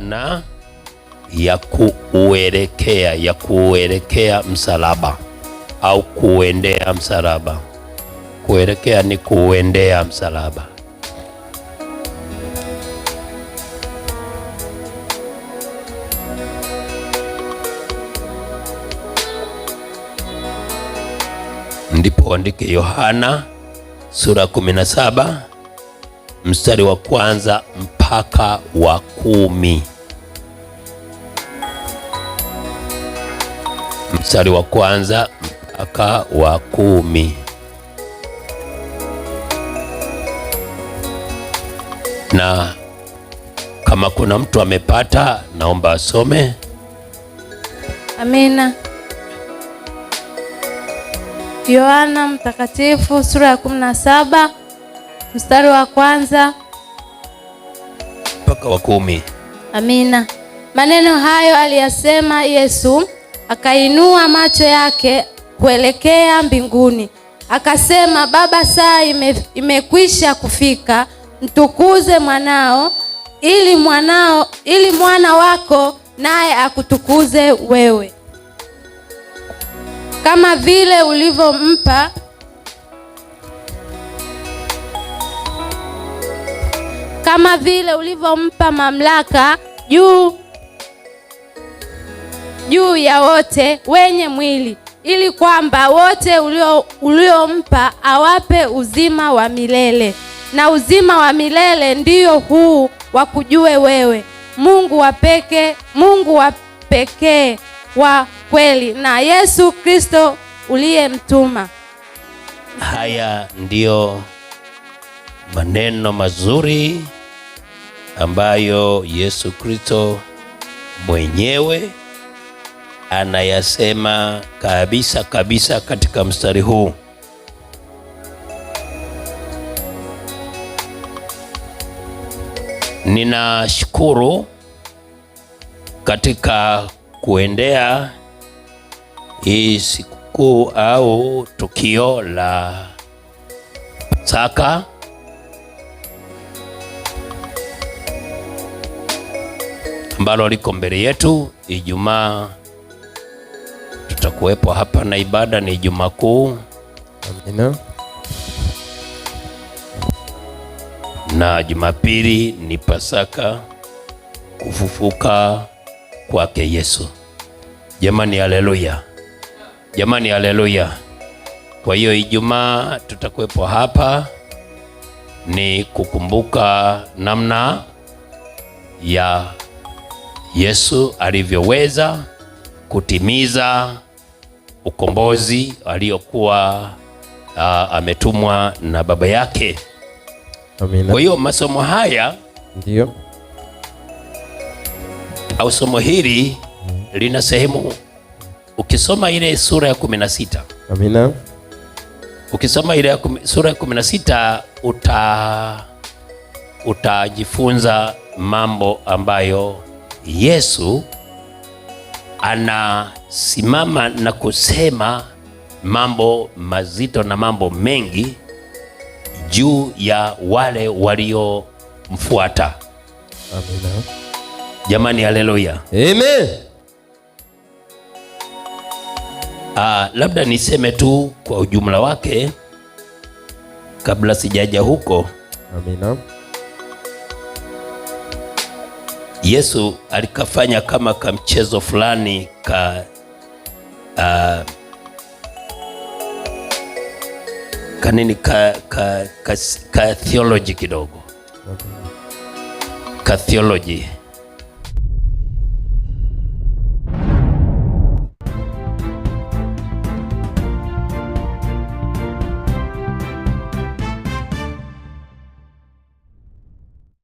na ya kuuelekea ya kuuelekea msalaba au kuuendea msalaba. Kuelekea ni kuuendea msalaba. Ndipo andike Yohana sura 17 mstari wa kwanza mpaka wa kumi. mstari wa kwanza mpaka wa kumi na kama kuna mtu amepata, naomba asome. Amina. Yohana Mtakatifu sura ya 17 mstari wa kwanza mpaka wa kumi. Amina. Maneno hayo aliyasema Yesu akainua macho yake kuelekea mbinguni, akasema, Baba, saa ime, imekwisha kufika, mtukuze mwanao ili mwanao ili mwana wako naye akutukuze wewe, kama vile ulivyompa kama vile ulivyompa mamlaka juu juu ya wote wenye mwili, ili kwamba wote uliompa awape uzima wa milele. Na uzima wa milele ndiyo huu wa kujue wewe Mungu wa peke Mungu wa pekee wa kweli na Yesu Kristo uliyemtuma. Haya ndiyo maneno mazuri ambayo Yesu Kristo mwenyewe anayasema kabisa kabisa katika mstari huu. Ninashukuru katika kuendea hii sikukuu au tukio la Pasaka ambalo liko mbele yetu Ijumaa kuwepo hapa na ibada ni Jumakuu. Kuu. Amina. Na Jumapili ni Pasaka, kufufuka kwake Yesu. Jamani, haleluya! Jamani, haleluya! Kwa hiyo Ijumaa tutakuwepo hapa ni kukumbuka namna ya Yesu alivyoweza kutimiza ukombozi aliyokuwa uh, ametumwa na baba yake. Amina. Kwa hiyo masomo haya ndio au somo hili mm. lina sehemu, ukisoma ile sura ya 16. Amina. Ukisoma ile sura ya 16 uta utajifunza mambo ambayo Yesu ana simama na kusema mambo mazito na mambo mengi juu ya wale waliomfuata. Amina. Jamani, haleluya. Amen. Ah, labda niseme tu kwa ujumla wake kabla sijaja huko. Amina. Yesu alikafanya kama kamchezo fulani ka uh, kanini ka, ka, ka, ka theology kidogo, okay. ka theology